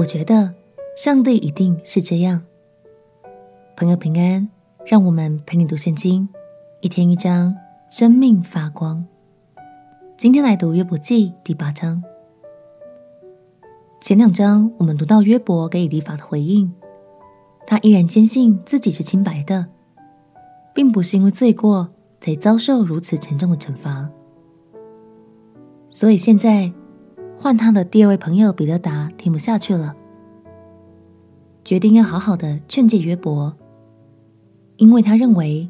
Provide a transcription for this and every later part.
我覺得上帝一定是這樣。朋友平安，讓我們陪你讀聖經，一天一章，生命發光。今天來讀約伯記第八章。前兩章我們讀到約伯給以利法的回應，他依然堅信自己是清白的，並不是因為罪過才遭受如此沉重的懲罰。所以現在換他的第二位朋友比勒達聽不下去了。決定要好好的勸誡約伯，因為他認為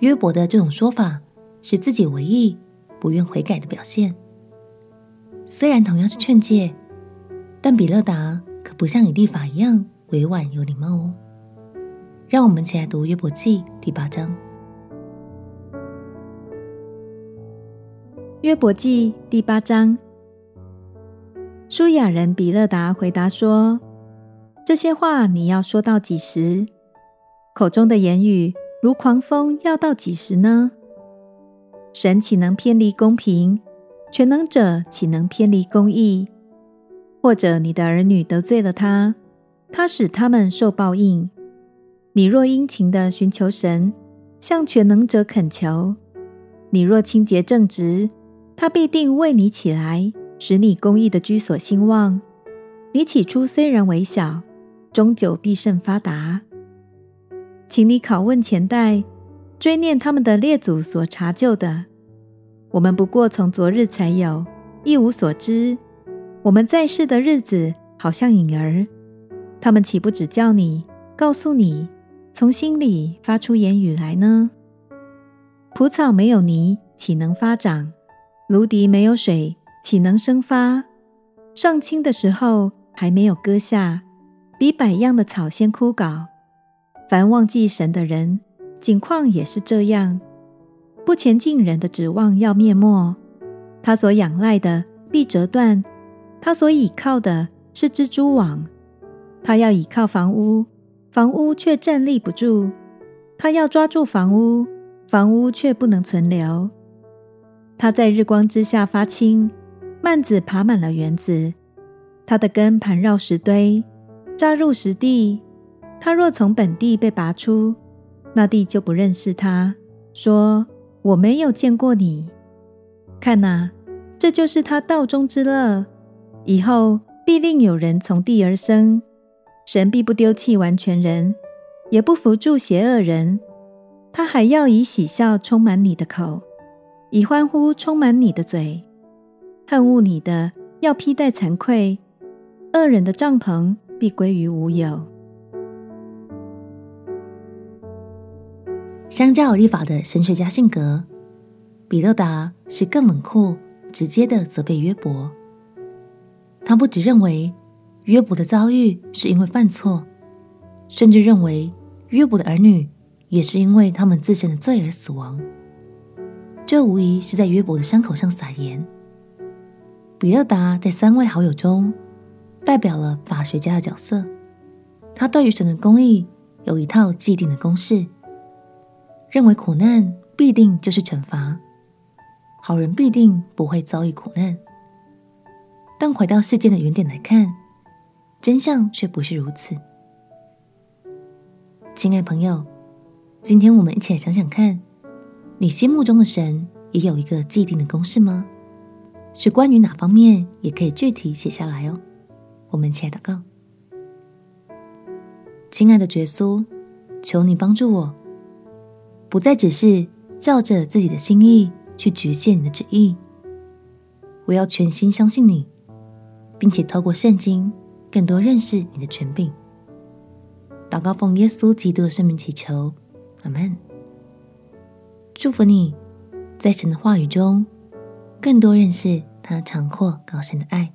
約伯的這種說法是自己為義，不願悔改的表現。雖然同樣是勸誡，但比勒達可不像以利法一樣委婉有禮貌哦。讓我們一起來讀《約伯記》第八章。《約伯記》第八章，書亞人比勒達回答說。這些話你要說到幾時？口中的言語如狂風，要到幾時呢？神豈能偏離公平？全能者豈能偏離公義？或者你的兒女得罪了他，他使他們受報應。你若殷勤地尋求神，向全能者懇求，你若清潔正直，他必定為你起來，使你公義的居所興旺。你起初雖然微小。終久必甚發達，請你考問前代，追念他們的列祖所查究的。我們不過從昨日才有一無所知。我們在世的日子好像影兒，他們豈不指教你告訴你，從心裡發出言語來呢？蒲草沒有泥，豈能發長？蘆荻沒有水，豈能生發？尚青的時候還沒有割下。比百樣的草先枯槁。凡忘記神的人，景況也是這樣。不前進人的指望要滅沒，他所仰賴的必折斷，他所倚靠的是蜘蛛網。他要倚靠房屋，房屋卻站立不住；他要抓住房屋，房屋卻不能存留。他在日光之下發青，蔓子爬滿了園子，他的根盤繞石堆。紮入石地，他若從本地被拔出，那地就不認識他，說：“我沒有見過你。”看哪，這就是他道中之樂，以後必另有人從地而生。神必不丟棄完全人，也不扶助邪惡人。他還要以喜笑充滿你的口，以歡呼充滿你的嘴。恨惡你的要披戴慚愧，惡人的帳篷。必歸於無有。相較以利法的神學家性格，比勒達是更冷酷、直接的責備約伯。他不只認為約伯的遭遇是因為犯錯，甚至認為約伯的兒女也是因為他們自身的罪而死亡。這無疑是在約伯的傷口上撒鹽。比勒達在三位好友中，代表了法學家的角色，他對於神的公義有一套既定的公式，認為苦難必定就是懲罰，好人必定不會遭遇苦難。但回到事件的原點來看，真相卻不是如此。親愛朋友，今天我們一起來想想看，你心目中的神也有一個既定的公式嗎？是關於哪方面？也可以具體寫下來哦。我們親愛的更，親愛的耶穌，求你幫助我，不再只是照着自己的心意去局限你的旨意。我要全心相信你，並且透過聖經更多認識你的權柄。禱告奉耶穌基督的聖名祈求，阿門。祝福你在神的話語中更多認識他長闊高深的愛。